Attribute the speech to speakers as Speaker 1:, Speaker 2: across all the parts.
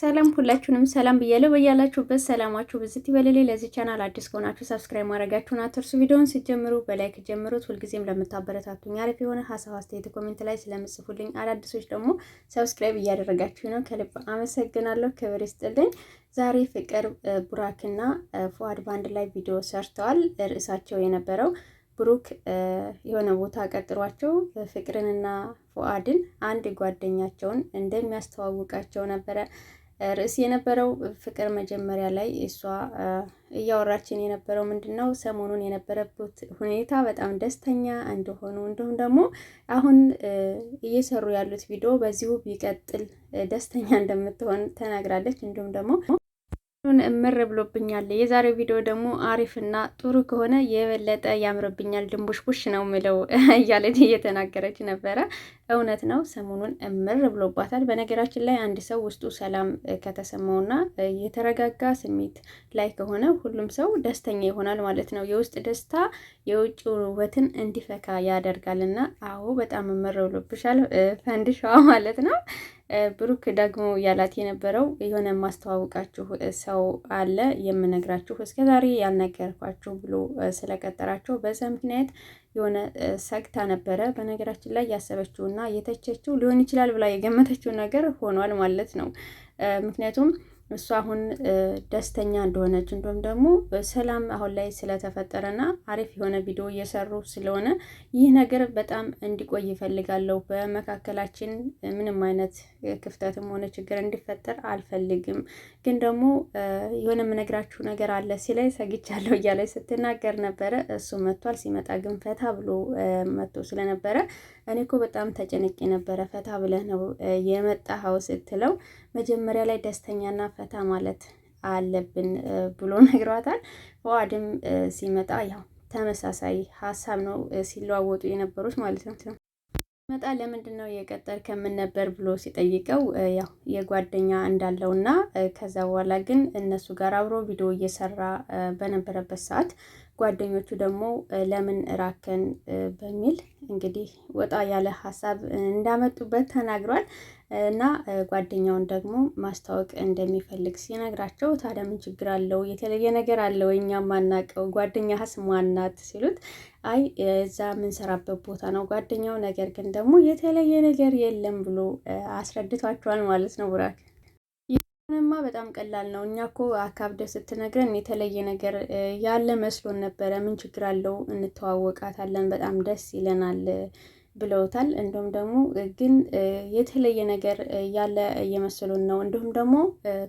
Speaker 1: ሰላም ሁላችሁንም ሰላም ብያለሁ። በያላችሁበት ሰላማችሁ ብዝት ይበልል። ለዚህ ቻናል አዲስ ከሆናችሁ ሰብስክራይብ ማድረጋችሁን አትርሱ። ቪዲዮውን ስትጀምሩ በላይክ ጀምሩት። ሁልጊዜም ለምታበረታቱኝ አሪፍ የሆነ ሀሳብ አስተያየት ኮሜንት ላይ ስለምጽፉልኝ አዳዲሶች ደግሞ ሰብስክራይብ እያደረጋችሁ ነው፣ ከልብ አመሰግናለሁ። ክብር ይስጥልኝ። ዛሬ ፍቅር ቡራክና ፉአድ ባንድ ላይ ቪዲዮ ሰርተዋል። ርዕሳቸው የነበረው ብሩክ የሆነ ቦታ ቀጥሯቸው ፍቅርንና ፉአድን አንድ ጓደኛቸውን እንደሚያስተዋውቃቸው ነበረ ርዕስ የነበረው። ፍቅር መጀመሪያ ላይ እሷ እያወራችን የነበረው ምንድን ነው ሰሞኑን የነበረበት ሁኔታ በጣም ደስተኛ እንደሆኑ እንዲሁም ደግሞ አሁን እየሰሩ ያሉት ቪዲዮ በዚሁ ቢቀጥል ደስተኛ እንደምትሆን ተናግራለች። እንዲሁም ደግሞ ሁሉን እምር ብሎብኛል። የዛሬው ቪዲዮ ደግሞ አሪፍና ጥሩ ከሆነ የበለጠ ያምርብኛል። ድንቡሽቡሽ ነው ምለው እያለች እየተናገረች ነበረ። እውነት ነው፣ ሰሞኑን እምር ብሎባታል። በነገራችን ላይ አንድ ሰው ውስጡ ሰላም ከተሰማውና የተረጋጋ ስሜት ላይ ከሆነ ሁሉም ሰው ደስተኛ ይሆናል ማለት ነው። የውስጥ ደስታ የውጭ ውበትን እንዲፈካ ያደርጋልና፣ አዎ በጣም እምር ብሎብሻል፣ ፈንድሻዋ ማለት ነው። ብሩክ ደግሞ ያላት የነበረው የሆነ ማስተዋወቃችሁ ሰው አለ የምነግራችሁ እስከዛሬ ያልነገርኳችሁ ብሎ ስለቀጠራቸው በዛ ምክንያት የሆነ ሰግታ ነበረ። በነገራችን ላይ ያሰበችውና የተቸችው ሊሆን ይችላል ብላ የገመተችው ነገር ሆኗል ማለት ነው። ምክንያቱም እሱ አሁን ደስተኛ እንደሆነች እንዲሁም ደግሞ ሰላም አሁን ላይ ስለተፈጠረና አሪፍ የሆነ ቪዲዮ እየሰሩ ስለሆነ ይህ ነገር በጣም እንዲቆይ ይፈልጋለሁ። በመካከላችን ምንም አይነት ክፍተትም ሆነ ችግር እንዲፈጠር አልፈልግም። ግን ደግሞ የሆነ የምነግራችሁ ነገር አለ ሲላይ ሰግቻለሁ እያላይ ስትናገር ነበረ። እሱ መጥቷል። ሲመጣ ግን ፈታ ብሎ መጥቶ ስለነበረ እኔ እኮ በጣም ተጨንቄ ነበረ። ፈታ ብለህ ነው የመጣኸው ስትለው መጀመሪያ ላይ ደስተኛና ፈታ ማለት አለብን ብሎ ነግሯታል። ዋድም ሲመጣ ያው ተመሳሳይ ሀሳብ ነው ሲለዋወጡ የነበሩት ማለት ነው። መጣ ለምንድን ነው የቀጠር ከምን ነበር ብሎ ሲጠይቀው ያው የጓደኛ እንዳለውና ከዛ በኋላ ግን እነሱ ጋር አብሮ ቪዲዮ እየሰራ በነበረበት ሰዓት ጓደኞቹ ደግሞ ለምን ራከን በሚል እንግዲህ ወጣ ያለ ሀሳብ እንዳመጡበት ተናግሯል እና ጓደኛውን ደግሞ ማስታወቅ እንደሚፈልግ ሲነግራቸው ታዲያ ምን ችግር አለው? የተለየ ነገር አለው? እኛ ማናቀው ጓደኛህስ ማናት? ሲሉት አይ እዛ የምንሰራበት ቦታ ነው ጓደኛው፣ ነገር ግን ደግሞ የተለየ ነገር የለም ብሎ አስረድቷቸዋል ማለት ነው ቡራክ ማ በጣም ቀላል ነው። እኛ እኮ አካብደ ስትነግረን የተለየ ነገር ያለ መስሎን ነበረ። ምን ችግር አለው? እንተዋወቃታለን፣ በጣም ደስ ይለናል ብለውታል። እንዲሁም ደግሞ ግን የተለየ ነገር ያለ እየመሰሉን ነው። እንዲሁም ደግሞ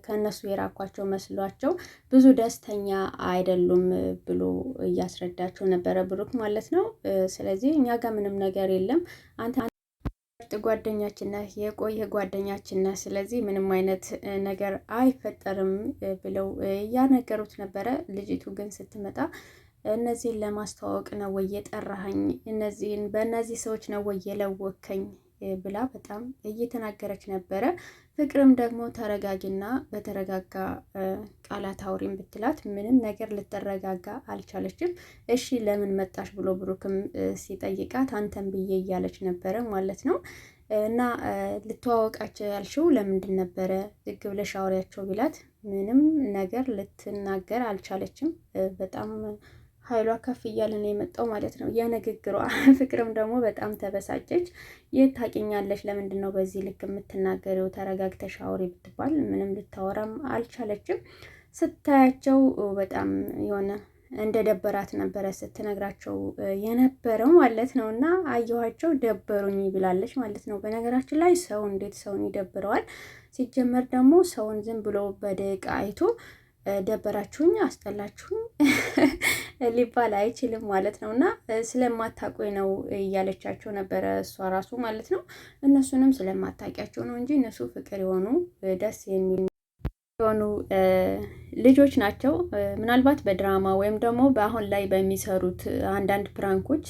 Speaker 1: ከእነሱ የራኳቸው መስሏቸው ብዙ ደስተኛ አይደሉም ብሎ እያስረዳቸው ነበረ ብሩክ ማለት ነው። ስለዚህ እኛ ጋር ምንም ነገር የለም አንተ ጓደኛችን ነህ፣ የቆየ ጓደኛችን ነህ፣ ስለዚህ ምንም አይነት ነገር አይፈጠርም ብለው እያነገሩት ነበረ። ልጅቱ ግን ስትመጣ እነዚህን ለማስተዋወቅ ነው ወይ የጠራኸኝ? እነዚህን በእነዚህ ሰዎች ነው ወይ የለወከኝ? ብላ በጣም እየተናገረች ነበረ። ፍቅርም ደግሞ ተረጋጊና በተረጋጋ ቃላት አውሪም ብትላት ምንም ነገር ልትረጋጋ አልቻለችም። እሺ ለምን መጣሽ ብሎ ብሩክም ሲጠይቃት አንተን ብዬ እያለች ነበረ ማለት ነው። እና ልተዋወቃቸው ያልሽው ለምንድን ነበረ ዝግ ብለሽ አውሪያቸው ቢላት ምንም ነገር ልትናገር አልቻለችም በጣም ኃይሏ ከፍ እያለ ነው የመጣው ማለት ነው የንግግሯ። ፍቅርም ደግሞ በጣም ተበሳጨች። የት ታውቂኛለሽ? ለምንድን ነው በዚህ ልክ የምትናገሪው? ተረጋግተሽ አውሪ ብትባል ምንም ልታወራም አልቻለችም። ስታያቸው በጣም የሆነ እንደ ደበራት ነበረ ስትነግራቸው የነበረው ማለት ነው። እና አየኋቸው ደበሩኝ ብላለች ማለት ነው። በነገራችን ላይ ሰው እንዴት ሰውን ይደብረዋል? ሲጀመር ደግሞ ሰውን ዝም ብሎ በደቂቃ አይቶ ደበራችሁኝ አስጠላችሁኝ ሊባል አይችልም ማለት ነው። እና ስለማታቆይ ነው እያለቻቸው ነበረ እሷ ራሱ ማለት ነው። እነሱንም ስለማታቂያቸው ነው እንጂ እነሱ ፍቅር የሆኑ ደስ የሚል የሆኑ ልጆች ናቸው። ምናልባት በድራማ ወይም ደግሞ በአሁን ላይ በሚሰሩት አንዳንድ ፕራንኮች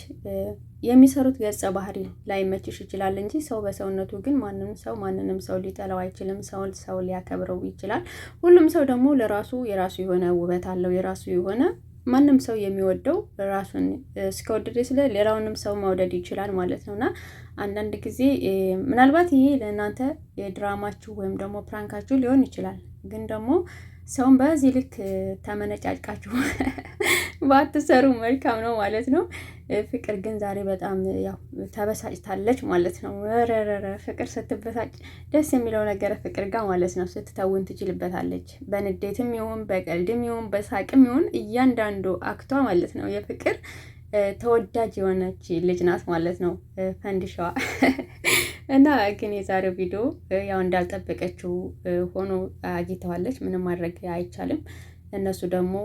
Speaker 1: የሚሰሩት ገጸ ባህሪ ላይመችሽ ይችላል እንጂ ሰው በሰውነቱ ግን ማንም ሰው ማንንም ሰው ሊጠላው አይችልም። ሰው ሰው ሊያከብረው ይችላል። ሁሉም ሰው ደግሞ ለራሱ የራሱ የሆነ ውበት አለው። የራሱ የሆነ ማንም ሰው የሚወደው ራሱን እስከወደደ ስለ ሌላውንም ሰው መውደድ ይችላል ማለት ነው። እና አንዳንድ ጊዜ ምናልባት ይሄ ለእናንተ የድራማችሁ ወይም ደግሞ ፕራንካችሁ ሊሆን ይችላል። ግን ደግሞ ሰውን በዚህ ልክ ተመነጫጭቃችሁ ባትሰሩ መልካም ነው ማለት ነው። ፍቅር ግን ዛሬ በጣም ያው ተበሳጭታለች ማለት ነው። ረረረ ፍቅር ስትበሳጭ ደስ የሚለው ነገር ፍቅር ጋር ማለት ነው ስትተውን ትችልበታለች። በንዴትም ይሁን በቀልድም ይሁን በሳቅም ይሁን እያንዳንዱ አክቷ ማለት ነው የፍቅር ተወዳጅ የሆነች ልጅ ናት ማለት ነው ፈንድሻዋ እና ግን የዛሬው ቪዲዮ ያው እንዳልጠበቀችው ሆኖ አግኝተዋለች። ምንም ማድረግ አይቻልም። እነሱ ደግሞ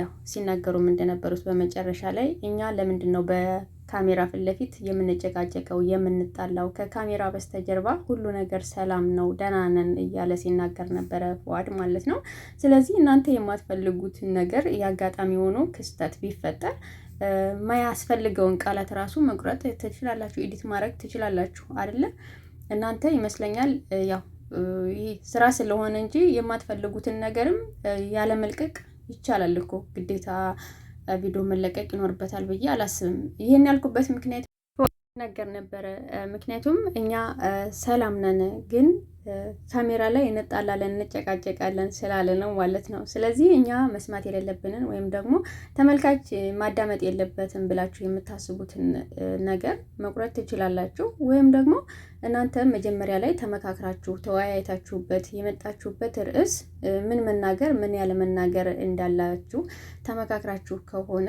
Speaker 1: ያው ሲናገሩም እንደነበሩት በመጨረሻ ላይ እኛ ለምንድን ነው በካሜራ ፊት ለፊት የምንጨቃጨቀው የምንጣላው? ከካሜራ በስተጀርባ ሁሉ ነገር ሰላም ነው፣ ደህና ነን እያለ ሲናገር ነበረ ፉአድ ማለት ነው። ስለዚህ እናንተ የማትፈልጉትን ነገር የአጋጣሚ ሆኖ ክስተት ቢፈጠር ማያስፈልገውን ቃላት ራሱ መቁረጥ ትችላላችሁ፣ ኤዲት ማድረግ ትችላላችሁ አይደለ? እናንተ ይመስለኛል ያው ይሄ ስራ ስለሆነ እንጂ የማትፈልጉትን ነገርም ያለመልቀቅ ይቻላል እኮ ግዴታ ቪዲዮ መለቀቅ ይኖርበታል ብዬ አላስብም። ይህን ያልኩበት ምክንያት ነገር ነበረ። ምክንያቱም እኛ ሰላም ነን፣ ግን ካሜራ ላይ እንጣላለን፣ እንጨቃጨቃለን ስላለ ነው ማለት ነው። ስለዚህ እኛ መስማት የሌለብንን ወይም ደግሞ ተመልካች ማዳመጥ የለበትም ብላችሁ የምታስቡትን ነገር መቁረጥ ትችላላችሁ። ወይም ደግሞ እናንተ መጀመሪያ ላይ ተመካክራችሁ ተወያየታችሁበት የመጣችሁበት ርዕስ ምን መናገር ምን ያለ መናገር እንዳላችሁ ተመካክራችሁ ከሆነ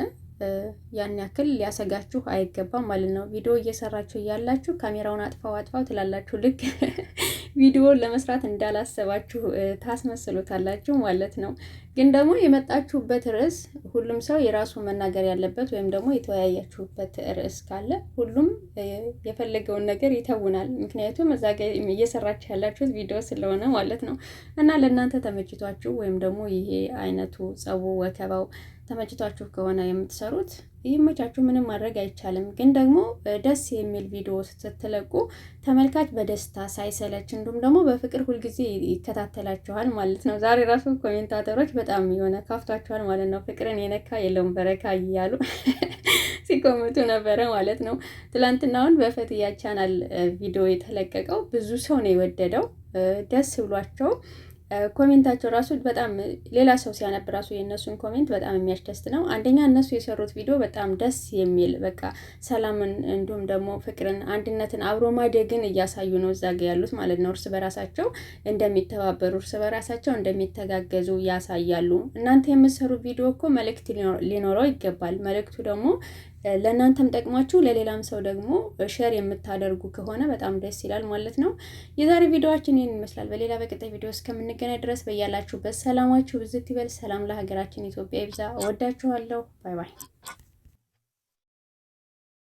Speaker 1: ያን ያክል ሊያሰጋችሁ አይገባም ማለት ነው። ቪዲዮ እየሰራችሁ እያላችሁ ካሜራውን አጥፋው አጥፋው ትላላችሁ። ልክ ቪዲዮ ለመስራት እንዳላሰባችሁ ታስመስሉታላችሁ ማለት ነው። ግን ደግሞ የመጣችሁበት ርዕስ ሁሉም ሰው የራሱ መናገር ያለበት ወይም ደግሞ የተወያያችሁበት ርዕስ ካለ ሁሉም የፈለገውን ነገር ይተውናል። ምክንያቱም እዛ ጋ ያላችሁት ቪዲዮ ስለሆነ ማለት ነው። እና ለእናንተ ተመችቷችሁ ወይም ደግሞ ይሄ አይነቱ ጸቡ፣ ወከባው ተመችቷችሁ ከሆነ የምትሰሩት ይመቻችሁ፣ ምንም ማድረግ አይቻልም። ግን ደግሞ ደስ የሚል ቪዲዮ ስትለቁ ተመልካች በደስታ ሳይሰለች እንዲሁም ደግሞ በፍቅር ሁልጊዜ ይከታተላችኋል ማለት ነው። ዛሬ ራሱ ኮሜንታተሮች በጣም የሆነ ካፍቷቸዋል ማለት ነው። ፍቅርን የነካ የለውም በረካ እያሉ ሲኮመቱ ነበረ ማለት ነው። ትላንትናውን በፈትያ ቻናል ቪዲዮ የተለቀቀው ብዙ ሰው ነው የወደደው ደስ ብሏቸው ኮሜንታቸው ራሱ በጣም ሌላ ሰው ሲያነብ ራሱ የእነሱን ኮሜንት በጣም የሚያስደስት ነው። አንደኛ እነሱ የሰሩት ቪዲዮ በጣም ደስ የሚል በቃ ሰላምን፣ እንዲሁም ደግሞ ፍቅርን፣ አንድነትን፣ አብሮ ማደግን እያሳዩ ነው እዛ ጋ ያሉት ማለት ነው። እርስ በራሳቸው እንደሚተባበሩ፣ እርስ በራሳቸው እንደሚተጋገዙ ያሳያሉ። እናንተ የምትሰሩት ቪዲዮ እኮ መልእክት ሊኖረው ይገባል። መልእክቱ ደግሞ ለእናንተም ጠቅማችሁ ለሌላም ሰው ደግሞ ሼር የምታደርጉ ከሆነ በጣም ደስ ይላል ማለት ነው። የዛሬ ቪዲዮችን ይህን ይመስላል። በሌላ በቀጣይ ቪዲዮ እስከምንገናኝ ድረስ በያላችሁበት ሰላማችሁ ብዝት ይበል። ሰላም ለሀገራችን ኢትዮጵያ ይብዛ። እወዳችኋለሁ። ባይ ባይ።